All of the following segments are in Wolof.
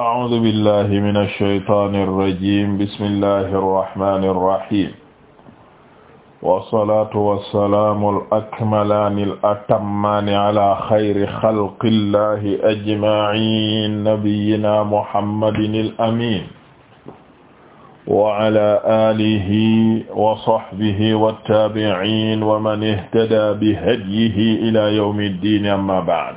أعوذ بالله من الشيطان الرجيم بسم الله الرحمن الرحيم والصلاة والسلام الأكملان الأتمان على خير خلق الله أجمعين نبينا محمد الأمين وعلى آله وصحبه والتابعين ومن اهتدى بهديه إلى يوم الدين أما بعد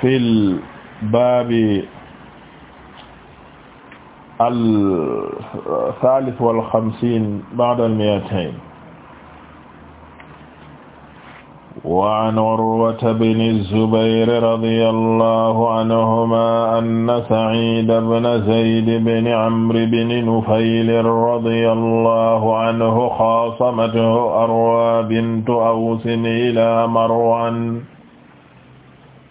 fil baabi al thalith wal khamsiin ba'da al mi'atayn wa an Urwata bni Zubayr radiyallahu anhuma anna Sa'id ibn Zayd ibn Amr ibn Nufayl radiyallahu anhu khaasamathu Arwa bintu Aws ila Marwan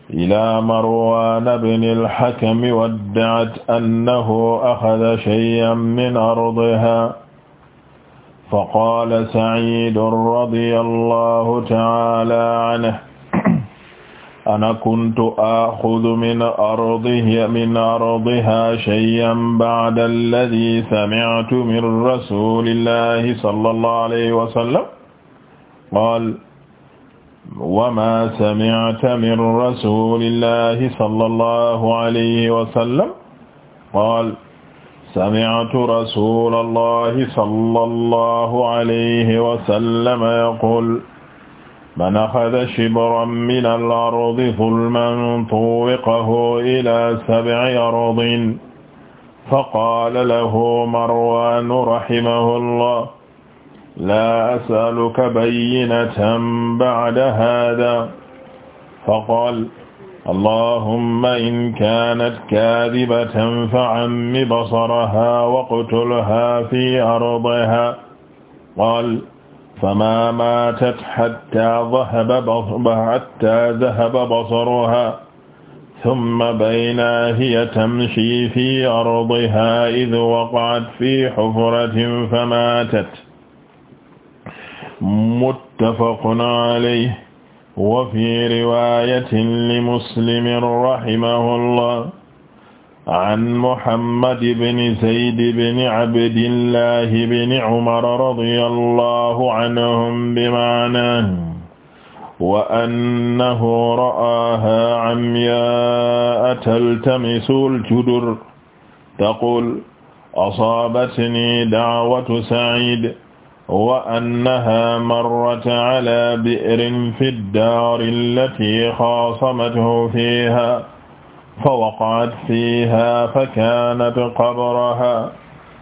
ilaa marwan bni alxakami waddacat annahu axada shay'an min ardiha faqaala saciidun radiya allahu taala anhu ana kuntu axudu min ardiha min ardiha shay'an bacda alladii samictu min rasuulillahi sallallahu alayhi wa sallam qaala wama sami'ta min rasulillahi sallallahu alayhi wa sallam qaala sami'tu rasulallahi sallallahu alayhi wa sallam yaqul man axada shibran min al-ardi zulman tuwwiqahu ila sab'i ardin faqaala lahu marwaan rahimahullah laa asaluka bayyinatan ba'da haadaa faqaal allahumma in kaanat kaadibatan fa'ammi basarahaa waqtulhaa fi ardihaa qaal famaa maatat hattaa dahaba basaruhaa summa baynaa hiya tamshii fi ardihaa idh waqa'at fi hufratin famaatat muttafaqun alayhi wa fi riwayatin li muslimin rahimahullah an muhammad ibn zayd ibn abdillah ibn umar radiyallahu anhum bimaanahu wa annahu ra'aahaa amyaa'a taltamisul judur taqul asaabatnii da'watu sa'iid wa annaha marrat ala bi'rin fi ddaari allati xaasamathu fiiha fa waqa'at fiiha fa kaanat qabraha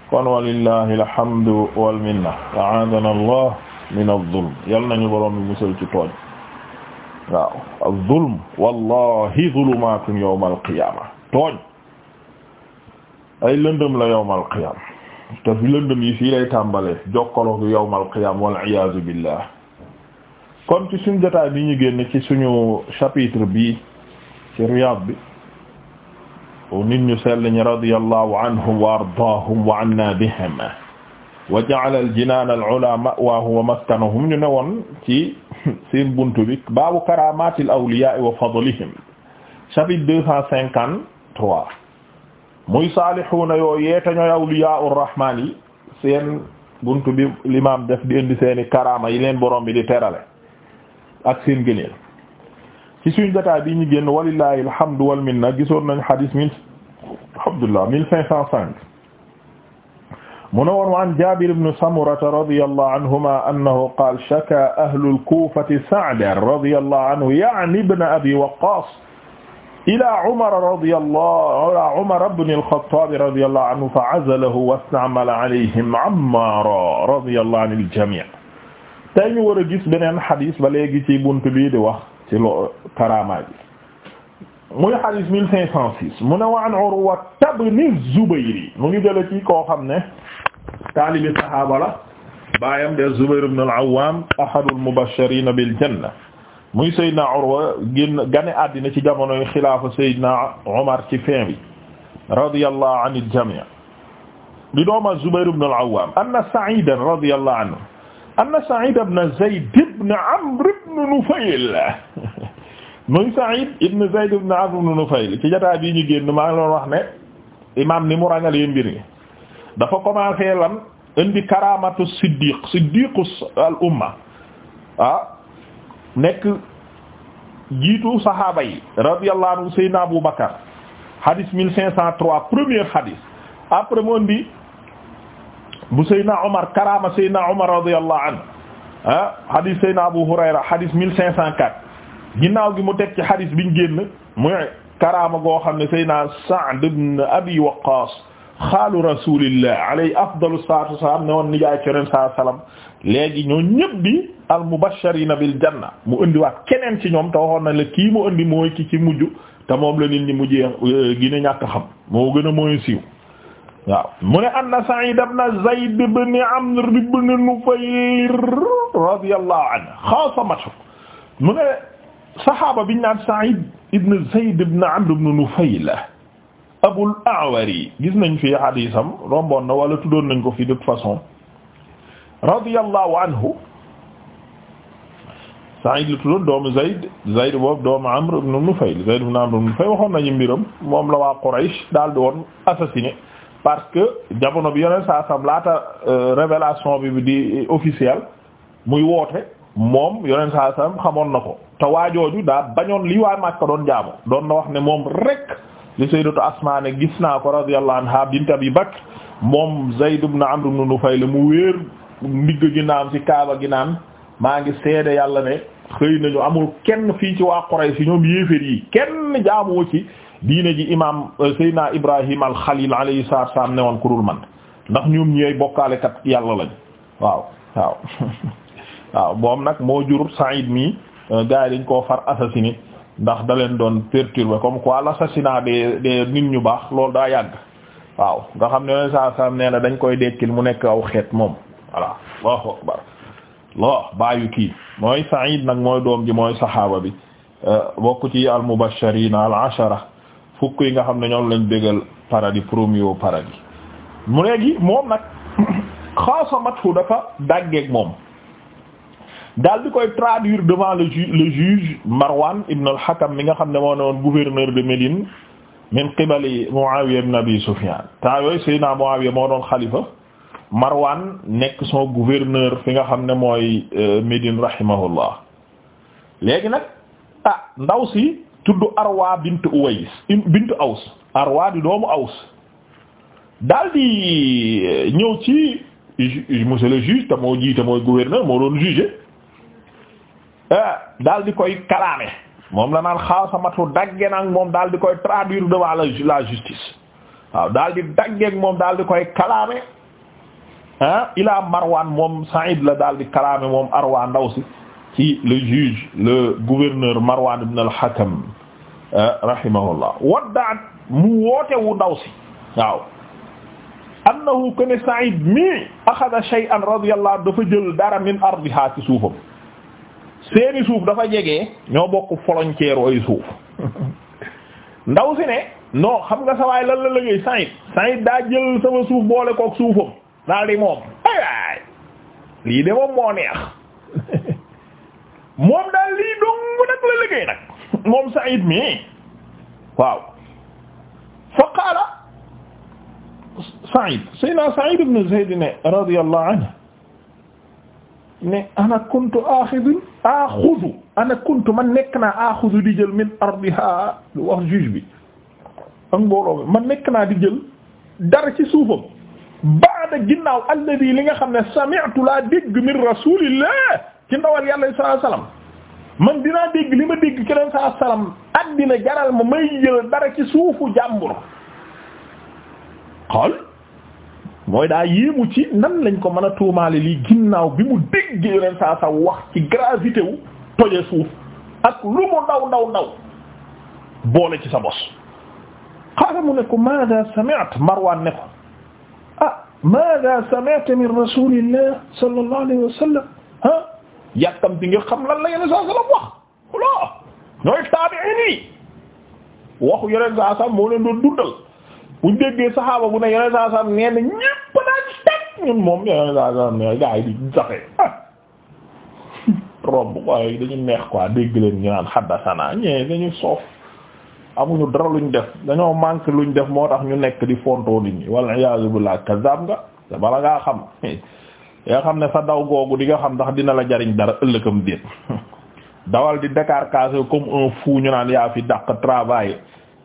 kon walillahi alhamdu wal minna a'aadana allah min az-zulm yal nañu boroom bi musal ci tooñ waaw az-zulm wallahi zulumaatun yawma al-qiyaama tooñ ay lëndëm la yawma al-qiyaama te fi lëndëm yi fii lay tàmbalee jokkaloo gu yawmal qiyaam wal iyaazu billah kon ci suñu jotaay bi ñu génn ci suñu chapitre bi ci Riyad bi nit ñu sell ñi radiyallahu anhum wa ardaahum wa anna bihim wa ja'ala al-jinaan chapitre muy saalihuuna yoo yeete ñooy awliyaa'ur rahmaan yi seen buntu bi limaam def di indi seeni karaama yi leen borom bi di terale ak seen gëneel ci suñu jotaay bi ñu génn walillahi alhamdu wal minna gisoon nañ hadis mille Abdullah mille cinq cent cinq mu ne woon wa an Jaabir ibn Samura radiyallahu anhuma annahu qaala shaka ahlul kuufati Sa'da radiyallahu anhu ya'ni ibn Abi Waqqaas ilaa Umar radiyallahu ilaa Umar ibn al-Khattab radiyallahu anhu fa'azalahu wasta'mala alayhim Ammaar radiyallahu anil jamii' tey ñu war a gis beneen xadis ba léegi ci bunt bii di wax ci lo karaamaa bi muy xadis mille cinq cent six mu ne wa an Urwa ibn Zubayr mu ngi jële ci koo xam ne taalibi sahaaba la baayam de Zubayr ibn al-Awwaam ahadul mubashshiriina bil janna muy Seydina Urwa génn gane àddina ci jamonoy xilaafa Seydina Omar ci fin bi radiyallahu anil jamii di dooma Zubayr ibn al-Awwam anna Sa'id radiyallahu anhu anna Sa'id ibn Zayd ibn Amr ibn Nufayl muy Sa'id ibn Zayd ibn Amr ibn Nufayl ci jotaay bii ñu génn maa ngi doon wax ne imaam ni mu ràññalee mbir mi dafa commencé lan indi karaamatu siddiq siddiqu al umma ah nekk jiitu saxaaba yi radiyallahu anhu cinq cent trois premier hadith après moon bi bu sayyidina Omar karama sayyidina Omar radiyallahu anhu ah hadith hadith mille cinq cent quatre gi mu teg ci hadith biñ génn muy karama goo xam ne sayyidina Sa'd ibn Abi Waqqas xaalu rasulillah alayhi afdalu salatu wassalam ne woon nijaay ci Yonent sallallahu alayhi léegi ñoo ñëpp bi al mubashirina bil janna mu indiwaat keneen ci ñoom te waxoon na la kii mu indi mooy ki ci mujj te moom la nit ñi mujjee euh, gën a ñàkk xam moo gën a mooy siiw waaw mu ne anna Sa'id ibn Zayd ibn Amr ibn Nufayl radiyallahu anhu xaasamatu mu ne saxaaba biñ naan Sa'id ibn Zayd ibn Amr ibn Nufayl Abul A'wari gis nañ fi hadiisam romboon na wala tuddoon nañ ko fi de façon radiyallahu anhu Saïd la tuddoon doomu Zayd Zayd boobu doomu Amr ibn Nufayl Zayd ibn Amr ibn Nufayl waxoon nañu mbiram moom la waa Quraysh daal di woon assassiné parce que jamono bi yeneen saa sam laata euh, révélation bi di officielle muy woote moom yeneen saa sam xamoon na ko te waajooju daa bañoon li waa Makka doon jaamu doon na wax ne moom rek li Sayyidatu Asmaa gis naa ko radiyallahu anha bint Abi Bakr moom Zayd ibn Amr ibn Nufayl mu wéer ndigg gi naan ci kaaba gi naan maa ngi seede yàlla ne xëy nañu amul kenn fii ci waa Quraysh ñoom yéeféer yi kenn jaamoo ci diine ji imaam euh, Seydina Ibrahim al-Khalil alayhi salaam ne woon kurul man ndax ñoom ñooy bokkaalekat yàlla lañ waaw waaw moom nag moo jur Saïd mi euh, gars yi dañ koo far assassiné ndax da leen doon perturbé comme quoi l'assassinat des des nit ñu baax loolu daa yàgg waaw nga xam ne saa saa nee na dañ koy dekkil mu nekk aw xeet moom voilà allahu akbar lo baayu kii mooy Saïd nag mooy doom ji mooy saxaaba bi euh, bokk ci al mubashirina al ashara fukk yi nga xam ne ñoom lañ bégal paradis premier au paradis mu léegi moom nag xaasamatu dafa dàggeeg moom daal di koy traduire devant le ju le juge Marwan ibn al-Hakam mi nga xam ne moo ne woon gouverneur de Médine min qibali Muawiya ibn Abi Sufyan temps yooyu Seydina Muawiya moo doon xalifa Marwan nekk son gouverneur fi nga xam ne mooy euh, Médine rahimahullah léegi nag ah ndaw si tudd Arwa bint Uways bint Aws Arwa di doomu Aws daal di euh, ñëw ci monsieur le juge te moo jiite mooy gouverneur moo doon juge euh, daal di koy kalaame moom la naan xaaw samatu dagge moom daal di koy traduire devant la justice waaw daal di moom daal di koy kalaame ah ilaa Marwan moom Saïd la daal di kalaame moom Arwa ndaw si ci le juge le gouverneur Marwan ibn al-Hakam rahimahullah mu woote wu ndaw si waaw annahu kana Saïd mi axada shay'an dafa jël dara min ardiha ci suufam seeni suuf dafa jege ñoo bokk frontière ay suuf ndaw ne non xam nga sa waay lan la liggéey Saïd daa jël sama suuf boole kook suufam daal lii de moom moo neex moom daal lii dong nag la liggéey moom Saïd mii waaw fa qaala Saïd sa Saïd ibn Zayd ne radiyallahu anhu ne ana kuntu axudu axudu ana man nekk naa axudu di jël min ardiha lu wax juge bi man nekk naa di jël dara ci suufam baada ginnaaw alladi li nga xam ne sami'tu laa dégg min rasulillah ci ndawal yàlla sallallahu alayhi wasallam man dinaa dégg li ma dégg keneen sa alayhi wasallam addina jaral ma may jël dara ci suufu jàmbur xol mooy daa yéemu ci nan lañ ko mën a tuumaale lii ginnaaw bi mu dégg yeneen saa sa wax ci gravité toje suuf ak lu mu ndaw ndaw ndaw boole ci sa bos xaala mu ne ko maada sami'tu Marwaan ne ko ah maada sami'ta min rasulillah sallallahu alayhi wa sallam ah yàkkamti nga xam lan la yeneen saa sallam wax loo ñooy taabi'iin yi waxu yeneen saa sallam moo leen doon dundal buñ déggee saxaaba bu ne yeneen saa sallam nee na ñépp naan teg ñun moom yeneen saa sallam ne gaa yi di saxee ah romb waaye dañu neex quoi dégg leen ñu naan xaddasana ñee dañu soof amuñu dara luñ def dañoo manque luñ def moo tax ñu nekk di fontoo nit ñi wal iyaazu billah kazaab nga te bala ngaa xam nga xam ne sa daw googu di nga xam ndax dina la jariñ dara ëllëgam déet dawal di Dakar casé comme un ñu naan yaa fi dàq travail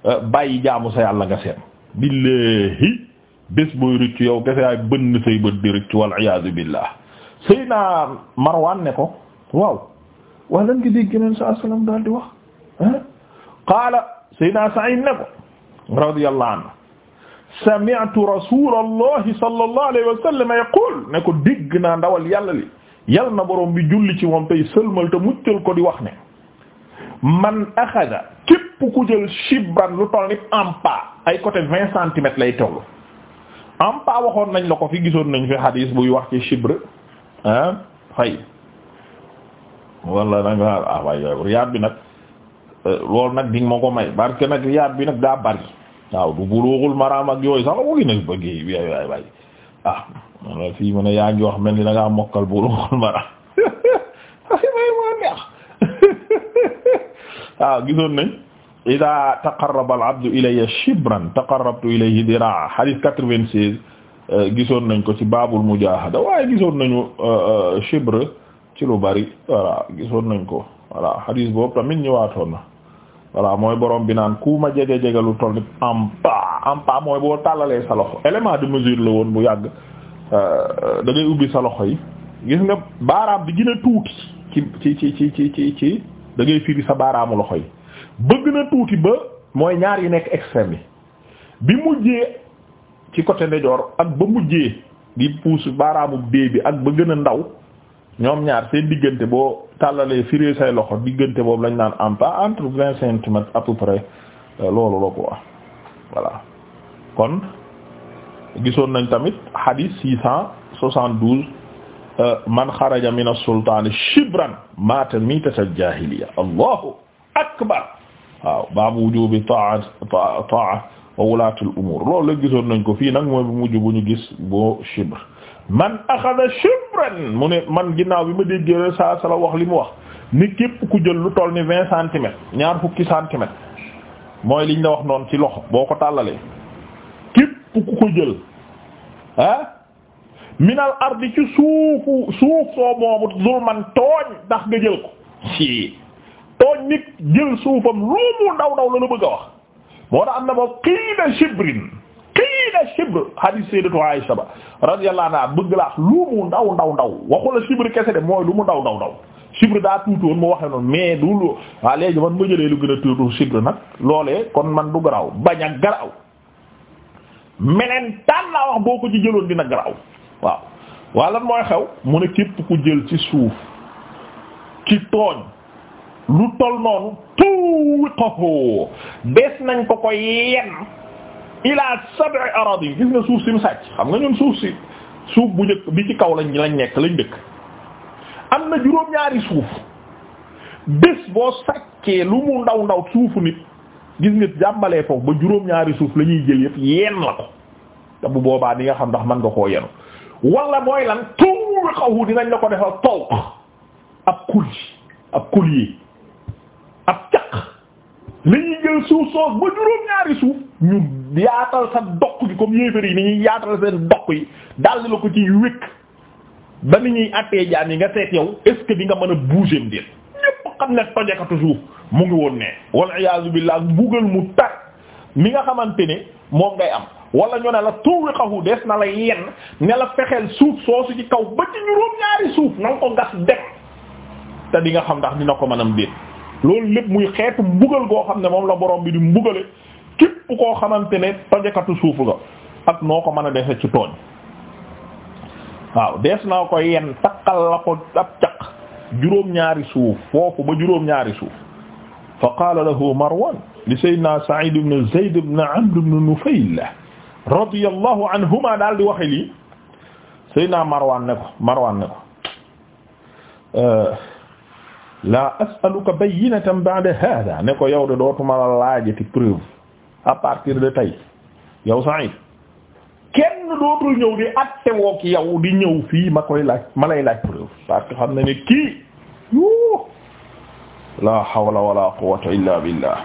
euh, bàyyi jaamu sa yàlla nga seet billahi bés booy rëcc yow kese yaay bënn say bët di rëcc wal iyaazu billah Seyna Marwan ne ko waaw waa lan nga dégg yeneen sa asalaam daal di wax ah qaala Seydina Saïd ne ko radiyallahu anhu sami'tu rasulallahi sallallahu alayhi wa sallam yaqul ne ko dégg naa ndawal yàlla na borom bi julli ci moom tey sëlmal te muccal ko di wax ne man axada képp ku jël shibran lu toll ni ampa ay côté vingt centimètres lay tollu ampa waxoon nañ la ko fi gisoon nañ fi xadiis buy wax ci chibre ah fay wala nag ah bi nag Euh, loolu nag di moko ma ko may parce que nag riyaat bi nag daa bari waaw du buluuxul maraam ak yooy sax ko gi nag bëggee waay waay waay ah man yaa ngi wax mel ni da ngaa mokkal buluuxul maraam ay way moo neex waaw ah, gisoon nañ ida taqarraba al abdu ilayya shibran taqarrabtu diraa hadith quatre-vingt-seize euh, gisoon nañ ko ci baabul mujaahada waaye gisoon nañu euh, shibr ci lu bari voilà gisoon nañ ko voilà hadis boobu tamit ñëwaatoon na voilà mooy borom bi naan ku ma jege jege lu toll nii ampa ampa mooy boo tàllalee sa loxo élément de mesure la woon bu yàgg euh, da ngay ubbi sa loxo yi gis nga baaraam bi gën a tuuti ci ci ci ci ci ci da ngay firi sa baaraamu loxo yi bëgg na tuuti ba mooy ñaar yi nekk extrême yi bi mujjee ci côté ndeyjoor ak ba mujjee di pousse baaraamu dee bi ak ba gën a ndaw. ñoom ñaar seen diggante boo tàllalee firé say loxo diggante boobu lañu naan ampa entre vingt centimètres à peu près euh, loolu la quoi voilà kon gisoon nañ tamit hadith six cent soixante-douze euh, man xaraja min as-sultaan shibran maata miitata al-jaahiliyya allahu akbar waaw baabu wujuubi ta'a ta'a wa wulaatul loolu la gisoon nañ ko fii nag mooy bu mujj bu ñu gis boo shibr man axada shibran mu ne man ginnaaw bi ma déggee saa sala wax li mu wax ni képp ku jël lu toll ni vingt centimètres ñaar fukki centimètres mooy liñ la wax noonu ci loxo boo ko tàllalee képp ku ko jël ah minal ardi ci suufu suuf soo moomu zulman tooñ ndax nga jël ko ci tooñ nit jël suufam lu mu ndaw ndaw la la bëgg a wax moo tax am na boobu xiida shibrin xiina chibre hadis sayyidatu Aisha ba radiyallahu anha bëgg laax lu mu ndaw ndaw ndaw waxula chibre kese de mooy lu mu ndaw ndaw ndaw chibre daa tuutoon mu waxee noonu mais du lu waa léegi man ma jëlee lu gën a tuutu chibre nag loolee kon man du garaw bañ a garaw meneen taan laa wax boo ko ci jëloon dina garaw waaw waa lan mooy xew mu ne képp ku jël ci suuf ci tooñ lu tol noonu tuwi xoxo des nañ ko ko yenn ila sab'i aradin gis nga suuf si mu sàcc xam nga ñun suuf si suuf bu njëkk bi ci kaw lañ lañ nekk lañ dëkk am na juróom-ñaari suuf bés boo sàccee lu mu ndaw ndaw suufu nit gis nga jàmbalee foofu ba juróom-ñaari suuf la ñuy jël yëpp yeen la ko te bu boobaa di nga xam ndax mën nga koo yenu wala mooy lan tuwi xawu dinañ la ko defal tow ab kul ab kul yi li ñuy jël suuf soos ba juróom-ñaari suuf ñu yaatal sa doq gi comme yéefar yi ni ñuy yaatal seen doq yi daldi la ko ci wékk ba ni ñuy attee jaam yi nga seet yow est-ce nga mën a bouger mbir ñépp xam ne tojakatu mu ngi woon ne wal iyaazu billaah mbugal mu tar mi nga xamante ne moom ngay am wala ñoo ne la tuwiqahu des na la yenn ne la fexeel suuf soosu ci kaw ba ci juróom-ñaari suuf na ko gas dem te di nga xam ndax dina ko mën a mbir loolu lépp muy xeetu mbugal goo xam ne moom la boroom bi di mbugale képp koo xamante ne tojakatu suuf nga ak noo ko mën a defe ci tooñ waaw dees naa ko yenn takkal la ko ab caq juróom-ñaari suuf foofu ba juróom-ñaari suuf fa qaala lahu marwan li sayyidina sa'id ibn zayd ibn amr ibn nufayl radiyallahu anhuma daal di waxe lii sayyidina marwan ne ko marwan ne ko euh, laa as'aluka bayyinatan ba'da hada ne ko yow de dootuma la laajati preuve à partir de tey yow Saïd kenn dootul ñëw di atte wook yow di ñëw fii ma koy laaj ma lay laaj preuve parce xam na ne kii yoo la hawla wala quwwata illa billah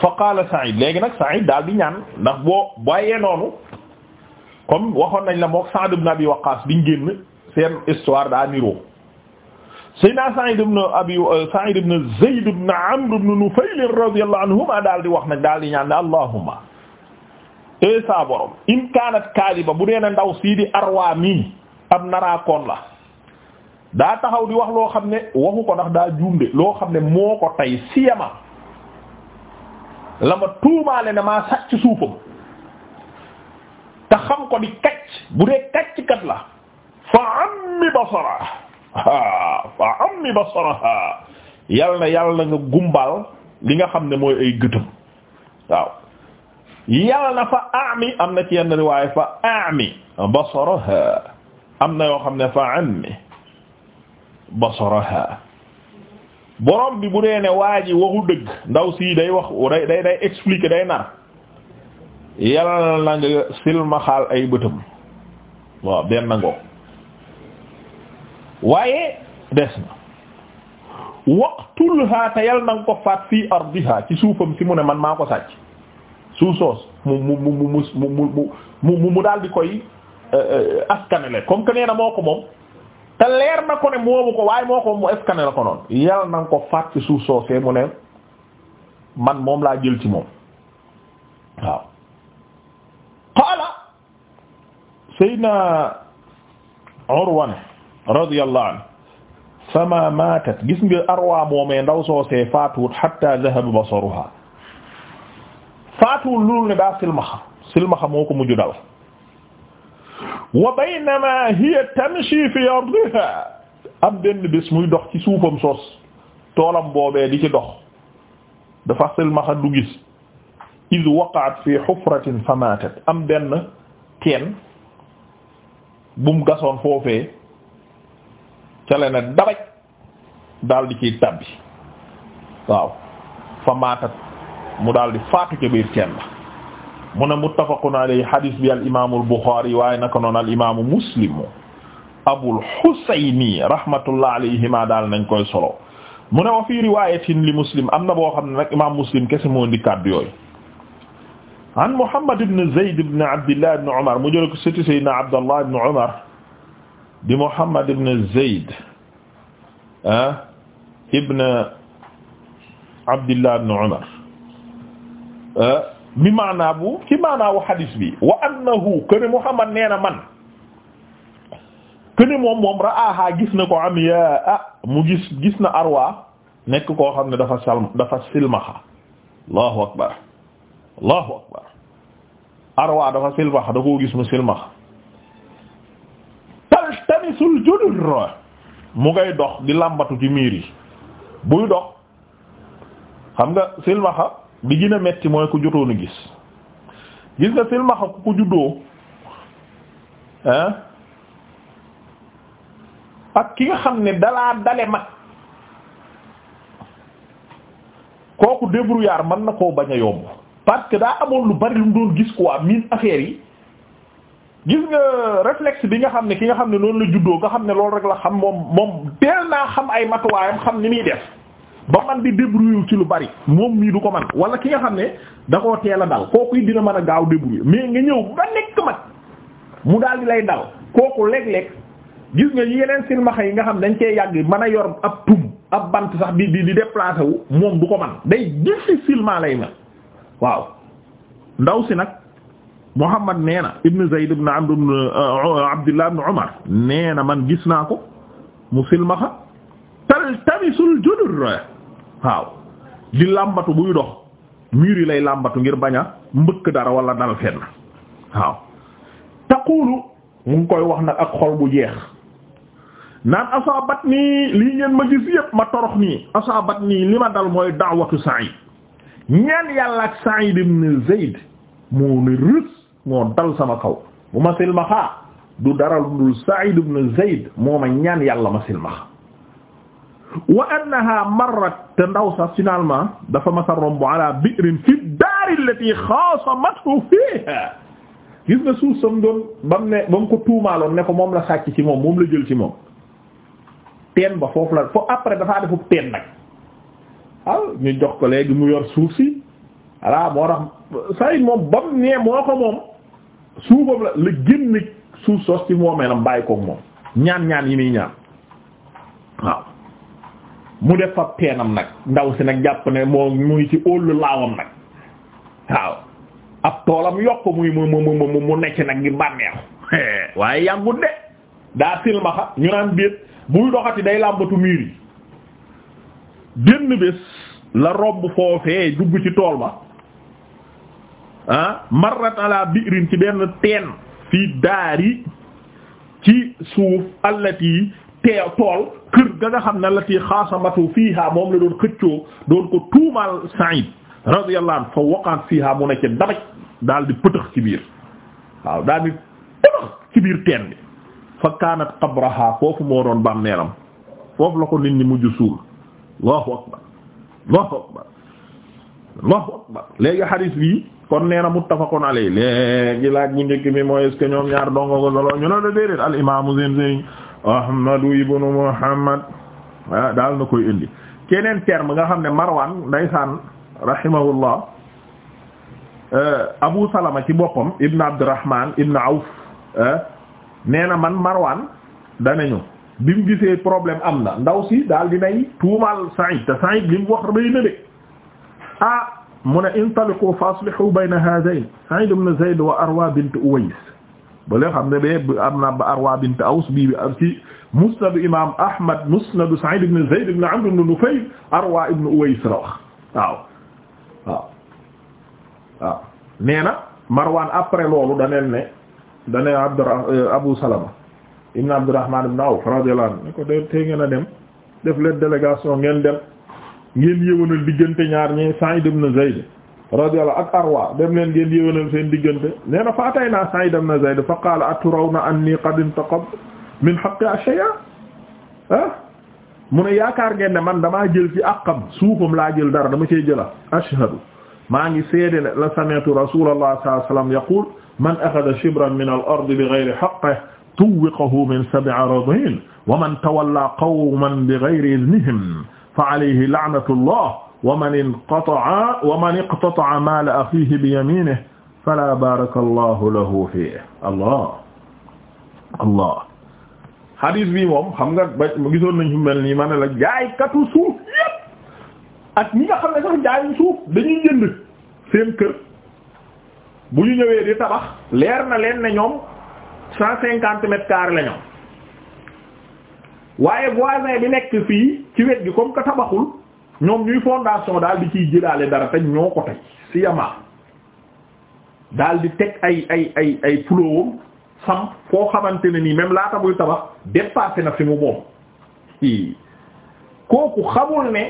fa qaala Saïd léegi nag Saïd daal di ñaan ndax boo bàyyee noonu comme waxoon nañ la moo Sa'd ibn Abi Waqqas biñ seen histoire daa niroo Seydina Sa'id ibn Abi euh, Sa'id ibn Zayd ibn Amr ibn Nufayl radiyallahu anhuma daal di wax nag daal di ñaan ne allahumma e sa in kaanat kaaliba bu dee na ndaw sii di arwaa mii ab la daa taxaw di wax loo xam ne waxu ko ndax daa juumde loo xam ne moo ko tey siyama la ma tuumaale ne maa sàcc suufam te xam ko di kacc bu kacc kat la fa ammi basara fa ammi basaraha yal na yal na nga gumbal li nga xam ne mooy ay gëtëm waaw yal na fa ami am na ci yenn riwaaya fa ami basaraha am na yoo xam ne fa ammi basaraha borom bi bu dee ne waa ji waxu dëgg ndaw si day wax day day expliquer day nar yal na nga silmaxaal ay bëtëm waaw benn ngoo waaye des na waqtulha te yal na ko faat fii ardiha ci suufam si mu ne man maa ko sàcc suuf soos mu mu mu mu mu mu mu mu daal di koy euh, euh, askanele comme que nee na moo ko moom te leer na ko ne moomu ko waaye moo ko mu askanele ko noonu yal na ko faat ci suuf soosee mu ne man moom laa jël ci moom waaw qaala sayyidina Urwa radiyallahu anhu fama maatat gis nga arwa moomee ndaw soosee faatuwut hatta dhahaba basaruha faatuwul loolu ne daa silmaxa silmaxa moo ko mujj wa baynama hiya tamshi fi ardiha am benn bés muy dox ci suufam soos toolam boobee di ci dox dafa silmaxa du gis id waqa'at fi hufratin fa maatat am benn teen bum gasoon foofee ca la ne dabaj daal di ciy tabbi waaw fa maatat mu daal di faatu ca biir teen ba mu ne muttafaqun alayhi hadis bi al imaamu al buxaari waaye naka noonu al imaamu muslim abul xusayni rahmatullah alayhima daal nañ koy solo mu ne wa fii riwaayatin li muslim am na boo xam ne nag imaam muslim kese moo indi kàddu yooyu. an muhammad ibn zayd ibn abdillah ibn umar mu jël ko sëti sayyidina abdallah ibn umar. di Muhammad ibn Zayd ah ibn Abdillah ibn Umar mi ah, maanaa bu ci maanaawu hadis bi wa annahu kene Muhammad nee na man kene moom moom ra'aha gis na ko am yaa ah mu gis gis na Arwa nekk koo xam ne dafa sal dafa silmaxa Allahu akbar Allahu akbar Arwa dafa silmaxa da koo gis mu silmaxa yaktamisul judur mu ngay dox di làmbatu ci miir yi buy dox xam nga silmaxa bi gën a metti mooy ku jotoon a gis gis nga silmaxa ku ko juddoo ah ak ki nga xam ne dalaa dale mag kooku débrouillard mën na koo bañ a yomb parce que daa amoon lu bari lu mu doon gis quoi miin affaire yi gis nga réflexe bi nga xam ne ki nga xam ne noonu la juddoo nga xam ne loolu rek la xam moom moom teel naa xam ay am xam ni muy def ba man di débrouiller ci lu bari moom mii du ko man wala ki nga xam ne da koo teel a dal kooku it dina mën a gaaw débrouiller mais nga ñëw ba nekk mag mu daal di lay dal kooku léeg-léeg gis nga yeneen silmaxa yi nga xam dañ koy yàgg mën a yor ab tum ab bant sax di di di déplacer wu moom du ko man day difficilement lay mel waaw nag. Muhammad nee na ibn Zayd ibn Amr ibn uh, Abdullah ibn Umar nee na man gis naa ko mu silmaxa taltamisul judur waaw di làmbatu buy dox mur yi lay làmbatu ngir bañ a mbëkk dara wala dal fenn waaw taqulu mu ngi koy wax nag ak xol bu jeex naan asaabat nii lii ngeen ma gis yépp ma torox nii asaabat nii li ma dal mooy da'watu Sa'id ñaan yàlla ak Sa'id ibn Zayd moo ne rës moo dal sama kaw bu ma silmaxaa du dara lu dul Sa'id ibn moo ma ñaan yàlla ma silmaxa wa annaha marrat te ndaw sax dafa masa romb ala bi'rin fi daar allati xaasamathu fiha gis nga suuf sam doon bam ne ba ko tuumaaloon ne ko moom la sàcc ci moom moom la jël ci moom teen ba foofu la fo après dafaa defu teen nag ah ñu jox ko léegi mu yor suuf si voilà moo moom bam ne moo moom suufam la la génne suuf sos ci moomeelam bàyyi koog moom ñaan ñaan yi muy ñaan waaw mu def fa peenam nag ndaw si nag jàpp ne moo muy ci óolu laawam nag waaw ab toolam yokk muy mu mu mu mu nekk nag gi bànneex waaye yàggut de daa silmaxa ñu naan déet buy doxati day làmbatu miir yi benn bés la romb foofee dugg ci tool ba ah marrat ala bi'rin ci benn teen fii daari ci suuf allati tee tool kër ga nga xam ne allati xaasamatu fiiha moom la doon xëccoo doon ko tuumaal Sa'id radiyallahu anhu fa waqaat fiiha mu ne ci dabaj daal di pëtëx ci biir waaw daal di pëtëx ci biir teen bi fa kaanat qabraha foofu moo doon bàmmeelam foofu la ko nit ñi mujj suul allahu akbar allahu akbar allahu akbar léegi hadith bi kon nee na muttafaqun alayhi léegi laaj bu njëkk bi mooy est-ce que ñoom ñaar dongo ko solo ñu ne déedéet al imaamu Zinzi Ahmadu ibnu Muhammad daal na koy indi keneen terme nga xam ne Marwan ndeysaan rahimahullah eh, Abu Salama ci boppam Ibn Abdurrahman Ibn Awf eh, nee na man Marwan danañu bi mu gisee problème am na ndaw si daal di nay tuumaal Sa'id te Sa'id li mu wax rëy na de ah. mu ne intaliqu fa aslihu bayna hadayn Sa'id ibn Zayd wa Arwa bint Uways bale xam ne be am na ba Arwa bint Aws bi bi am ci musnad imam Ahmad musnad Sa'id ibn Zayd ibn Amr ibn Nufayl Arwa ibn Uways la wax waaw waaw waaw nee na Marwan après loolu daneen ne dane abdu Abu Salama ibn Abdurrahman ibn Awf radiyallahu anhu ne ko de tey ngeen a dem def leen délégation ngeen dem ngeen yëwanal diggante ñaar ñi Sa'id ibn Zayd radiyallahu ak Arwa dem leen ngeen yëwanal seen diggante nee na fa ataynaa Sa'id ibn Zayd fa qaala aturawna anni qad intaqab min haqqi ashya ah mu ne yaakaar ngeen ne man damaa jël ci àqam suufam laa jël dara dama cee jëla ashhadu maa ngi seede ne la sami'tu rasulullah sallallahu alayhi wasallam yaqul man akhadha shibran min al-ard bighayri haqqihi tuwwiqahu min sab'i aradin wa man tawalla qawman bighayri idhnihim fa alayhi la'natullah wa man inqata'a wa man iqtata'a maala axiihi bi yamiinihi fala barakallahu lahu fiihi allah allah hadis bi moom xam nga ba gisoon nañ fi mel nii ma ne la jaaykatu suuf yépp ak ñi nga xam ne sax jaayuñ suuf dañuy jënd seen kër bu ñu ñëwee di tabax leer na leen ne ñoom cent cinquante mètres carrés la ñoom waaye voisin bi nekk fii ci wet gi comme que tabaxul ñoom ñuy fondation daal di ciy jëlaale dara te ñoo ko teg si yamaa daal di teg ay ay ay ay pulowam sam foo xamante ne nii même laata muy tabax dépassé na fi mu moom kooku xamul ne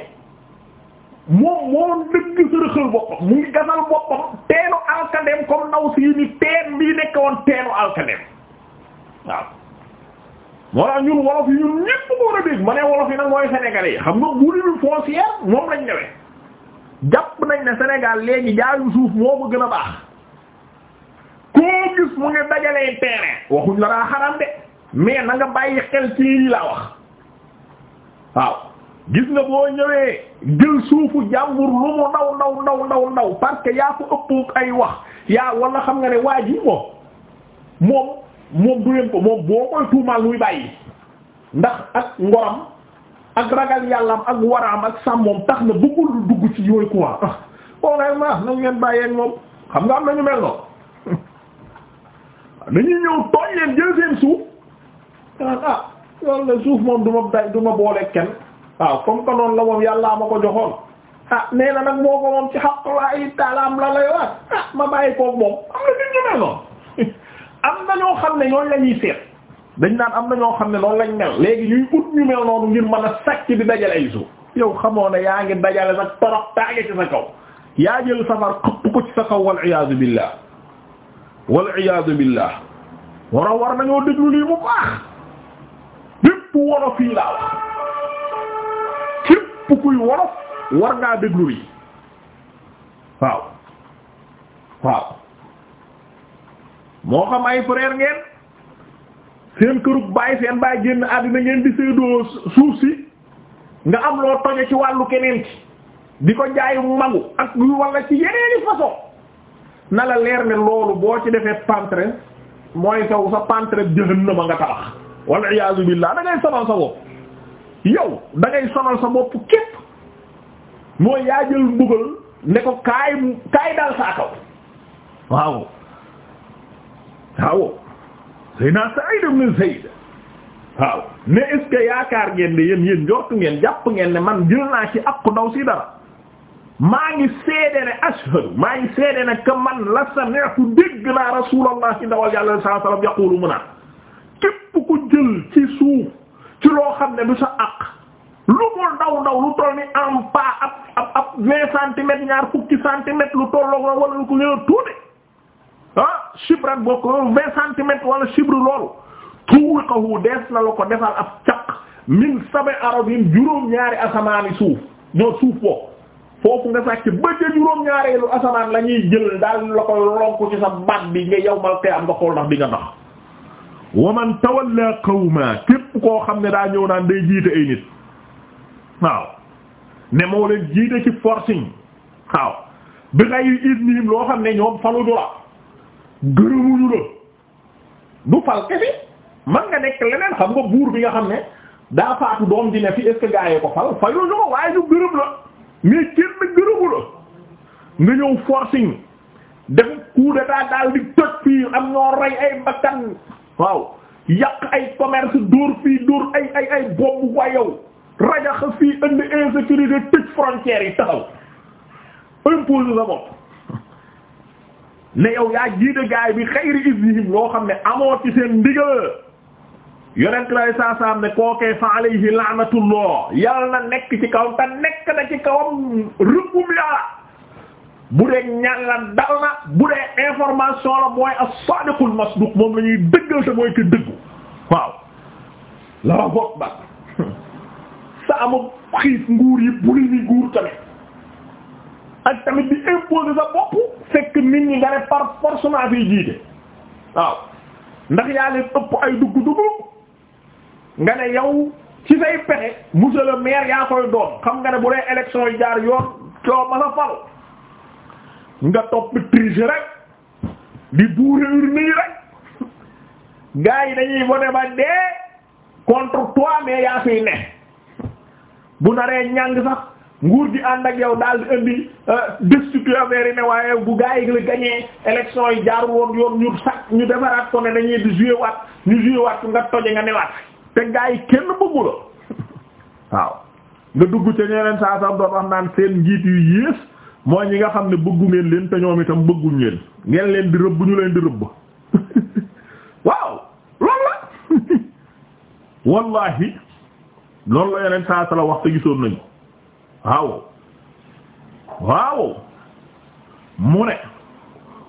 moom moo dëgg sërëxal boppam mu ngi gasal boppam teenu alkadeem comme ndaw si ni teen bii nekk woon teenu alkadeem waaw moo tax ñun wolof yi ñun ñépp ko war a ma ne wolof yi nag mooy sénégalais yi xam nga guddilu foncière moom lañ ñëwee jàpp nañ ne senegal léegi jaayu suuf moo ko gën a baax koo gis mu ngi dajalee terrain waxuñ la daa xaram de mais na nga bàyyi xel ci yi laa wax waaw gis nga boo ñëwee jël suufu jàmbur lu mu ndaw ndaw ndaw ndaw ndaw parce que yaa ko ëpp ay wax yaa wala xam nga ne waa ji moom moom moom du leen ko moom boo koy tuumaal muy bàyyi ndax ak ngoram ak ragal yàllaam ak waraam ak sàmmoom tax na bëggul dugg ci yooyu quoi honnêtement ah, nañ ngeen bàyyee ak moom xam nga am nañu mel noonu dañuy ñëw tooñ leen jël seen suuf danaan ah suuf moom du ma day du ma boole kenn waaw comme que la moom yàlla ma ko joxoon ah nee na nag moo ko moom ci xaq laa yi taalaam la lay waat ah ma bàyyi koog moom am na nit ñu mel noonu am na ñoo xam ne ñooñu la ñuy seet dañ naan am na ñoo xam ne loolu lañ mel léegi ñuy ut ñu mel noonu ngir mën a sàcc di dajale ay suuf yow xamoo ne yaa ngi dajale nag torop taage ci sa kaw yaa jël safar xëpp ci sa kaw wal iyaadu billah wal iyaadu billah war a war nañoo déglu lii bu baax bépp wolof yi laa wax képp kuy wolof war ngaa déglu lii waaw waaw moo xam ay frère ngeen seen kërug baay seen baa génn àddina ngeen di doo suuf si nga am loo toje ci wàllu keneen ci di ko jaay magu ak yu wala ci yeneeni façon na la leer ne loolu boo ci defee pantre mooy saw sa pantre jahannama nga tabax wal iyaazu billaah da ngay sonal sa bopp yow da ngay sonal sa bopp képp mooy yaa jël mbugal ne ko kaay kaay dal sa kaw waaw waaw Seydina Saïd ibn Zayd waaw ne est yaakaar ngeen ne yéen yéen njortu ngeen jàpp ngeen ne man jël naa ci ak ndaw si dara maa ngi seede ne ashhadu maa ngi seede ne que man la sami'tu dégg naa Rasulullah ndawal yàlla sallallahu alayhi wasallam yaqulu mu naan képp ku jël ci suuf ci loo xam ne du sa ak lu mu ndaw ndaw lu toll ni en pas ab ab ab vingt ñaar fukki centimètres lu tolloo wala lu ko gën a tuuti ah chibran boo ko vingt centimètres wala chibre loolu tuwiqahu dees na la ko defal ab caq min sab'i aradin juróom-ñaari asamaani suuf ñoo suuf boo foofu nga sàcc ba ca juróom-ñaareelu asamaan la ñuy jël daal la koy lonku ci sa baat bi nga yawmal qiyaam nga xool ndax bi nga ndax wa man tawalla qawma képp koo xam ne daa ñëw naan day jiite ay nit waaw ne moo leen jiite ci forcing waaw bi ngay idniim loo xam ne ñoom falu du gërëmuñu la du fal kese man nga nekk leneen xam nga buur bi nga xam ne daa faatu doom di ne fi est que gaa yi ko fal fayoo ñu ko waaye ñu gërëm la mais kenn gërëmu la nga ñëw forcing def coup d'état daal di toj fii am ñoo rey ay bakkan waaw yàq ay commerce dóor fii dóor ay ay ay bomb wa yow rajax fii indi insécurité tëj frontières yi taxaw impose sa bopp ne yow yaa jiite gaay bi xayri iznihim loo xam ne amoo ci seen ndigal yonent lay saasaam ne kookee fa alayhi la'natullah yal na nekk ci kaw te nekk na ci kawam rëbbum yàlla bu dee ñaan la dal na bu dee information la mooy as-sadiqul masduq moom la dëggal te mooy ko dëggu waaw la bokk ba sa amut xiif nguur yi buri ni nguur tamit ak tamit di imposer sa bopp fekk nit nga ne par force jiite waaw ndax yaa leen ëpp ay dugg-dugg nga ne yow ci say pexe monsieur maire yaa koy doon xam nga ne bu dee élection yi jaar yoon coo ma sa fal nga topp triche rek di buure urne yi rek gars yi dañuy voter ba dee contre toi mais yaa fiy ne bu naree ñàng sax nguur gi ànd ak yow daal di indi euh, destitué affaire ne waaye bu gaa yi la gagné élection yi jaar woon yoon ñu sax ñu defaraat ko ne dañuy di joué waat ñu joué waat nga toje nga newaat te gaa yi kenn bëggu la waaw nga dugg ca ñeneen saa sam doon wax naan seen njiit yi yées mooy ñi nga xam ne bëggu ngeen leen te ñoom itam bëgguñ leen ngeen leen di rëbb ñu leen di rëbb waaw loolu la wallahi loolu la yeneen saa sa la wax te gisoon nañu waaw waaw mu ne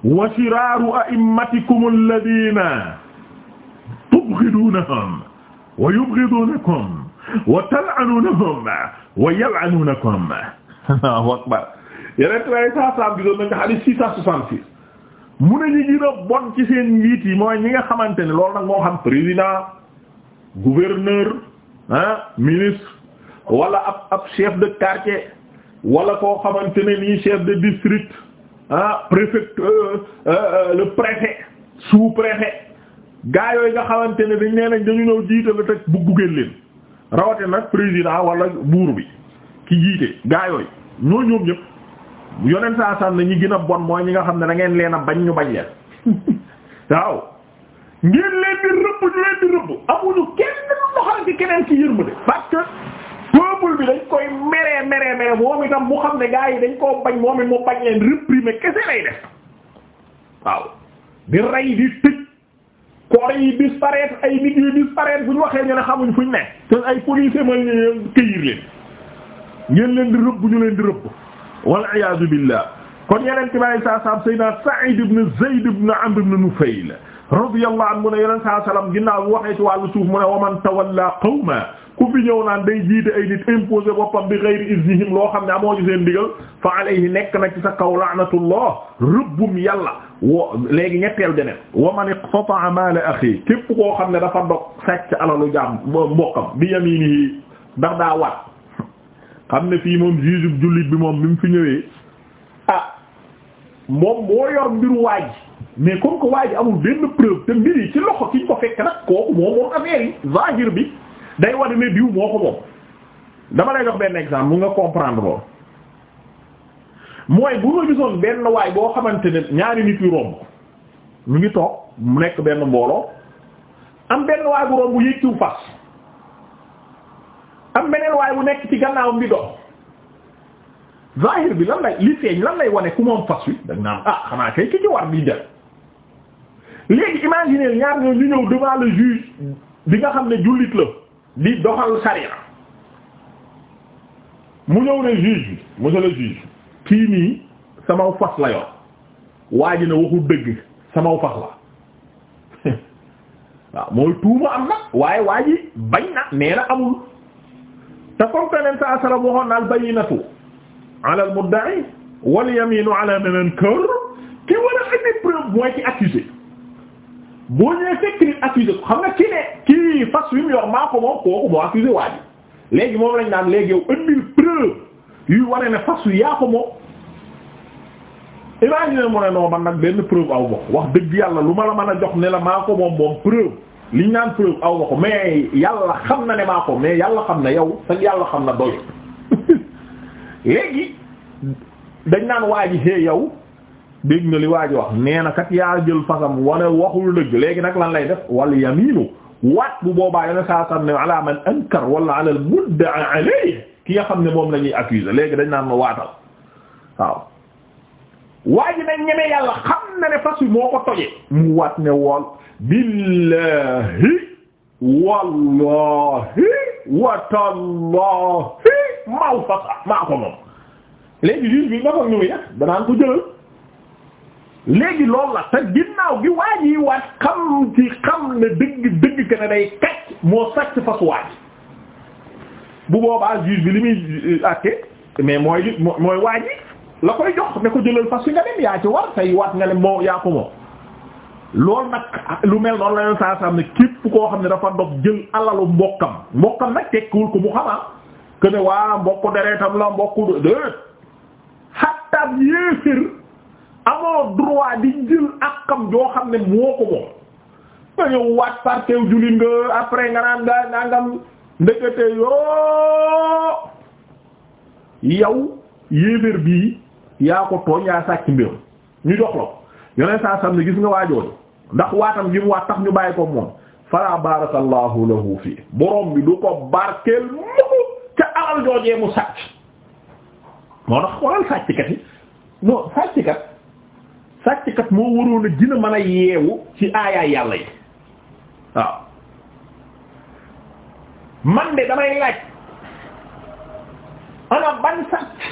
wa shiraaru a'immatikum alladhina tubghidunahum wa yubghidunakum wa tal'anunahum wa yal'anunakum Allahu akbar yeneen trois cent soixante gisoon nañu hadith mu ne ñi gën a bon ci seen njiit yi mooy ñi nga xamante ne loolu nag moo xam wala ab ab chef de quartier wala koo xamante ne nii chef de district ah préfet euh, euh, euh, le préfet sous-préfet gaa yooyu nga xamante ne dañ nee nañ dañu ñëw jiite la teg bu buggeen leen rawatina nag président wala buur bi ki jiite gaa yooyu ñoo ñoom ñëpp yoneen saa sànn ñi gën a bon mooy ñi nga xam ne dangeen leen a bañ ñu bañ leen waaw ngeen leen di rëbb ñu leen di rëbb amuñu kenn lu doxal ci keneen ci yërmande parce que peuple bi dañ koy meree meree meree moom itam mu xam ne gars yi dañ koo bañ moom it mu bañ leen réprimer kese lay def waaw di rey di tëj koor yi disparaître ay nit yu disparaître bu ñu waxee ñu ne xamuñ fuñ ne te ay policiers ma ñu këyir leen ngeen leen di rëbb ñu leen di rëbb wal iyaadu billah kon yeneen kibaay saa saam sayyidina Sa'id ibn Zayd ibn Amr ibn Nufayl radiyallahu anhu mu ne yeneen saa salaam ginnaaw bu waxee ci wàllu suuf mu ne wa man tawalla qawma ku fi ñëw naan day jiite ay nit imposé boppam bi ghayri iznihim loo xam ne amoo ci seen digal fa alayhi nekk na ci sa kaw laanatullah rëbbum yàlla wo léegi ñetteel beneen wa man iqtata'a mala akhi képp koo xam ne dafa dog sàcc alalu jaam mbokkam bi yaminihi ndax daa waat xam ne fii moom juge jullit bi moom bi mu fi ñëwee ah moom moo yor mbiru waaj mais comme que waaj amul benn preuve te mbir yi ci loxo kiñ ko fekk nag kooku moom moom affaire zahir bi day wane ne diw moo ko moom dama lay jox benn exemple mu nga comprendre lool mooy bu ma gisoon benn waay boo xamante ne ñaari nit yu romb ñu ngi toog mu nekk benn mbooloo am benn waay bu romb yéeg fas am beneen waay bu nekk ci gannaawam bi dox zahir bi lan lay li feeñ lan lay wane ku moom fas wi dañ naan ah xanaa kay ki ci war bi def léegi imaginer ñaar ñoo ñu ñëw devant le juge bi nga xam ne jullit la li doxal sariya mu ñëw ne juge bi monsieur kii nii sama fas la yor waa ji ne waxu dëgg samaw fas la waaw mooy tuuma am na waaye waa bañ na nee na amul te comme que leen al bayyinatu ala al mudda'i wal yaminu ala man ankar ki war a mooy ci accusé boo ñëwee fekk nit accusé ko xam nga ki ne kii fas wi mu yor maa ko moom kooku moo accusé léegi moom lañ naan léegi yow indil preuve yu wane ne fas wi yaa ko moom imagine mu ne non man nag benn preuve aw ma wax dëgg yàlla lu ma la mën a jox ne la maa ko moom moom preuve liñ naan preuve aw ma ko mais yàlla xam na ne maa ko mais yàlla xam na yow sax yàlla xam na doy léegi dañ naan waa ji xee yow dégg na li waa ji wax nee na kat yaa jël fasam wala waxul dëgg léegi nag lan lay def wal yaminu waat bu boobaa yone saa sam ne ala man ankar wala ala al mudda'a ki nga xam ne moom la ñuy accuser léegi dañ naan ma waatal waaw moo toje mu wat ne wol billahi wallahi watallahi maaw fasa maa ko moom léegi juge bi nga fag ñu muy def danaan ko léegi loolu la te ginnaaw gi waa ji waat xam ne dëgg dëgg que day kacc moo sàcc fas waaj bu boobaa juge bi li muy euh, àtte mais mooy mooy waa ji la koy jox ne ko jëlal fas yi nga dem yaa ci war say waat nga ne moo yaa ko moom loolu nag lu mel noonu la leen saa saa ne képp koo xam ne dafa dog jël alalu mbokkam mbokkam nag tekkiwul ko mu xamaa que ne waa mbokku deretam la mbokku déet xattaab yéefir amoo droit di jël akam joo xam ne moo ko moom nga ñëw waat parce que jullit nga après nga naan nga nangam ndekete yoo yow yéeféer bii yaa ko tooñ yaa sàcc mbirum ñu jox la ko yoneen saa sam ne gis nga waajooju ndax waatam gi mu waat tax ñu bàyyi ko moom fala barakallahu lahu fii borom bi du ko barkeel mukk ca alal joojee mu sàcc moo tax xoolal sàcckat yi non sàcckat sàcckat moo waroon a gën a mën a yeewu ci aayaay yàlla yi waaw man de damay laaj ana ban sàcc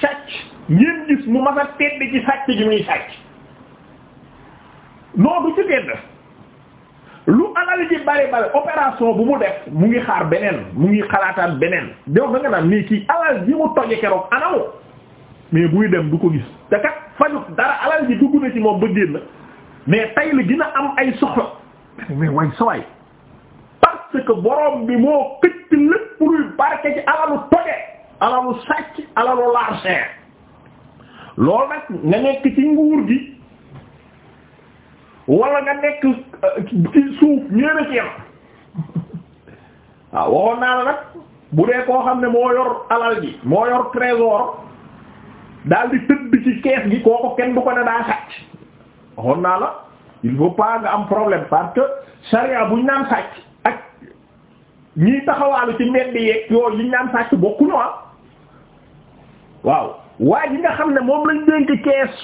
sàcc ngeen gis mu ma a tedd ci sàcc gi muy sàcc non ci tedd lu alal ji bari bari opération bu mu def mu ngi xaar beneen mu ngi xalaataan beneen donc da nga naan nii kii alal ji mu toje keroog anaw mais buy dem du ko gis te kat dara alal ji dugg na ci moom ba génn mais tay la gën a am ay soxla mais way sawaay parce que borom bi moo këcc lépp luy barke ci alalu toje alalu sàcc alalu larcin loolu nag nga nekk ci nguur gi wala nga nekk euh, ci suuf ñéena ci yam waaw waxoon naa la nag bu dee koo xam ne moo yor alal ji moo yor trésor daal di tëdd ci kees gi kooku kenn du ko ne daa sàcc waxoon naa la il faut pas nga am problème parce que charia buñ naan sàcc ak ñiy taxawaalu ci mbedd yooyu liñ naan sàcc bokkuñu ah waaw waaye yi nga xam ne moom lañ dénk kees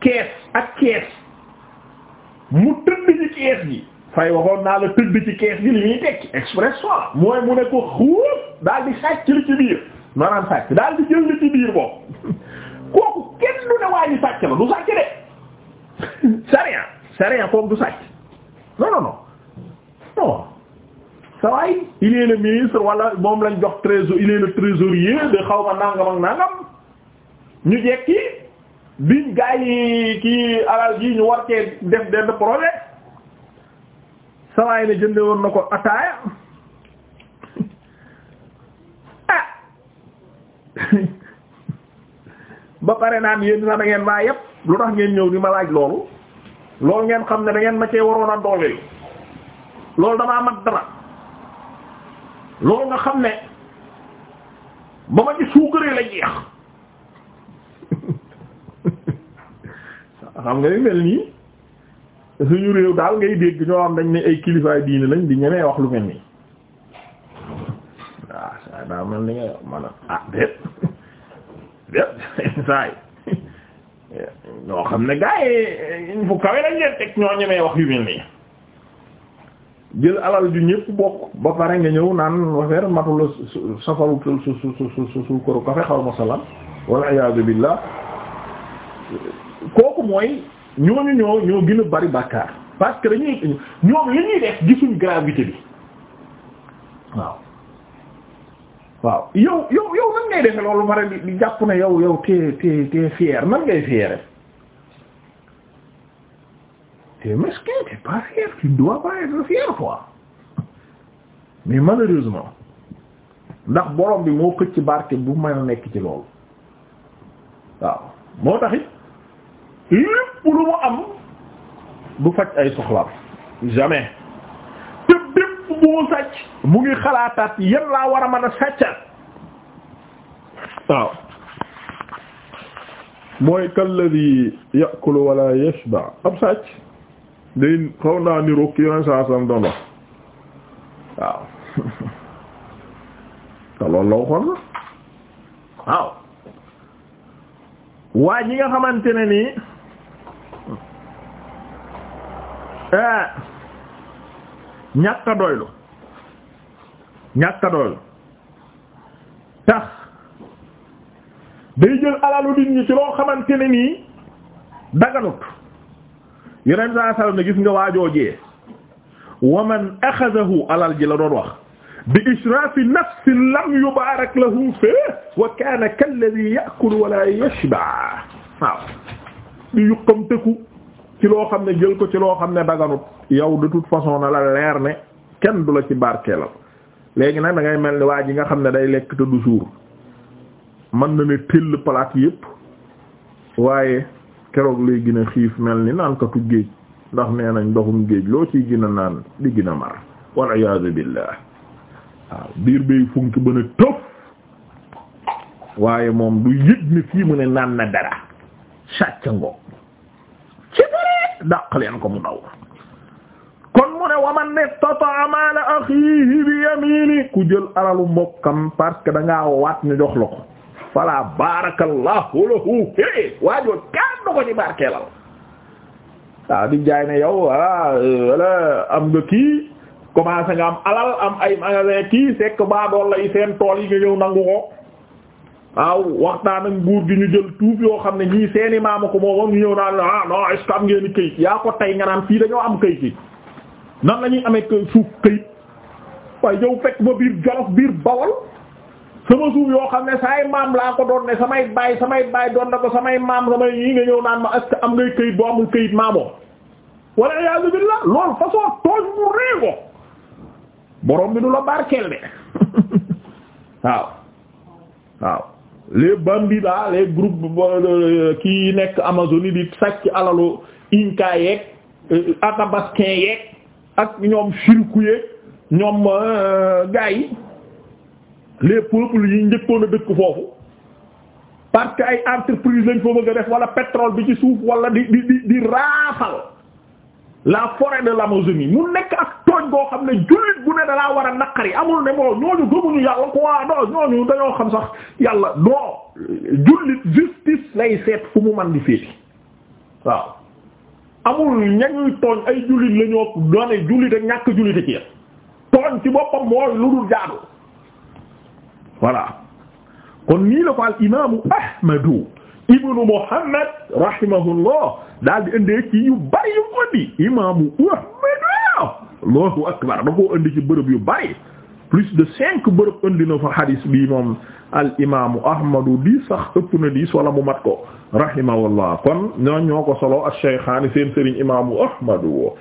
kees ak kees mu tëdd ci kees gi fay waxoon naa la tëdd ci kees gi li ñuy tekki express soit mooy mu ne ko xuuf daal di sàcc li ci biir maanaam sàcc daal di jël li ci biir boobu kooku kenn du ne waa ji sàcc la du sàcc de sariya sariya kooku du sàcc non non non non sa waay il ministre wala moom lañ jox trésor il est le trésorier de xaw ma nangam ak nangam ñu jekki biñ gaa yi kii alal ji ñu war cee def benn projet sa waay ne jënde woon na ko ataaya ba pare naan yéen sax da ngeen maa yépp lu tax ngeen ñëw di ma laaj loolu loolu ngeen xam ne dangeen ma cee waroon a dooleel loolu damaa mat dara loolu nga xam ne ba ma ci suukaree la jeex xam nga ni mel nii suñu réew daal ngay dégg ñoo am dañ ne ay kilifaay diine lañ di ñemee wax lu mel nii daa mel ni nga man a ah déet déet saa yi ñoo xam ne gars yi fu kawe lañ leen teg ñoo ñemee wax yu mel nii jël alal ju ñëpp bokk ba pare nga ñëw naan wafeer matula safaru su su su su su këru kafe xaw ma salaan walla iyaazu billaah kooku mooy ñooñu ñoo ñoo gën a bari bàkkaar parce que dañuy ñoom li ñuy def gisuñ gravité bi waaw waaw yow yow yow nan ngay defe loolu pare di jàpp ne yow yow te te te fier nan ngay fiere t'es mesquin, t'es pas fier, tu ne dois pas fier quoi mais malheureusement ndax borom bi moo ci barke bu mën a nekk ci loolu waaw moo taxit lépp lu mu am bu faj ay soxlaam jamais moo sàcc mu ngi xalaataat yan laa war a mën a sàccaat waaw mooy kalladhi ya'kulu wa la yashba ab sàcc day xaw naa ni rokki yonen saa sam doon waaw te la waxoon waaw waa ñi nga xamante ne nii eh, ñàkk doylu ñàkk a doylu tax day jël alalu nit ci loo xamante ne nii daganut yeneen saa sallam ne gis nga waajoojee wa man axadahu alal ji la doon wax bi israfi nafsin lam yubarak lahu fee wa kaana kalladhi ya'kul wala yashba waaw di yuqamteku ci loo xam ne jël ko ci loo xam ne daganut yow de toute façon na la leer ne kenn du la ci barkeelal léegi nag dangay mel ni waa ji nga xam ne day lekk te du suur man na ne tëll palaat yépp waaye keroog lay gën a xiif mel ni naankatu géej ndax nee nañ ndoxum géej loo ciy gën a naan di gën a mar wal iyaadu billah waaw biir bay funki ba ne tëf waaye moom du yëg ne fii mu ne naan na dara sàcc ngoo ci bare dàq leen ko mu daw mu ne waman istata'a maala axiihi bi yamini ku jël alalu mbokkam parce que da waat ñu jox la ko fala barakallahu lahu é waajoo kaan na ko ci barkeelal waaw di jaay ne yow wala ah, wala am nga kii commencé nga am alal am ay magasin kii sekk baa dool lay seen tool yi nga ñëw nangu ko waaw waxtaan ak nguur gi ñu jël tuuf yoo xam ne ñii seeni maama ko moomoom ñu ñëw naan ah non est ngeen kayit yaa ko tey nga naan fii dañoo am kayit yi nan la ñuy amee suuf këyit waaye yow fekk ba biir jolof biir bawol sama suuf yoo xam ne saay maam laa ko doon ne samay baay samay baay doon na ko samay maam samay yi nga ñëw naan ma est am ngay këyit boo amul këyit maamoo walla iyaazu billaah loolu façon tooj mu réego borom bi du la barkeel de waaw waaw les bandits là les groupes euh, euh, kii nekk Amazonie di sàcc alalu Inca yeeg euh, Atabaskin yeeg ak ñoom shirku yeeg ñoom euh, gaa yi les peuples yi njëkkoon a dëkk foofu parce que ay entreprise lañ fa bëgg a def wala pétrole bi ci suuf wala di di di raafal la forêt de l'Amazonie mu nekk ak tooñ goo xam ne jullit bu ne dalaa war a naqari amul ne moo ñooñu gëmuñu yàlla ko waa non ñooñu dañoo xam sax yàlla non jullit justice lay seet fu mu man di féeti waaw amul ñañuy tooñ ay jullit la ñoo doone jullit ak ñàkk jullit ci tooñ ci boppam mooy lu dul jaadu voilà kon nii la ko al imaamu ahmadu ibnu muhammad rahimahullah daal di indee ci yu bari yu ëndi imaamu ahmadu allahu akbar da koo indi ci bërëb yu bari plus de cinq bërëb indi na fa hadis bi moom al imaamu ahmadu di sax ëpp na mu mat ko rahimahullah kon ñoo ñoo ko solo al shaykhaani seen sëriñ imaamu ahmadu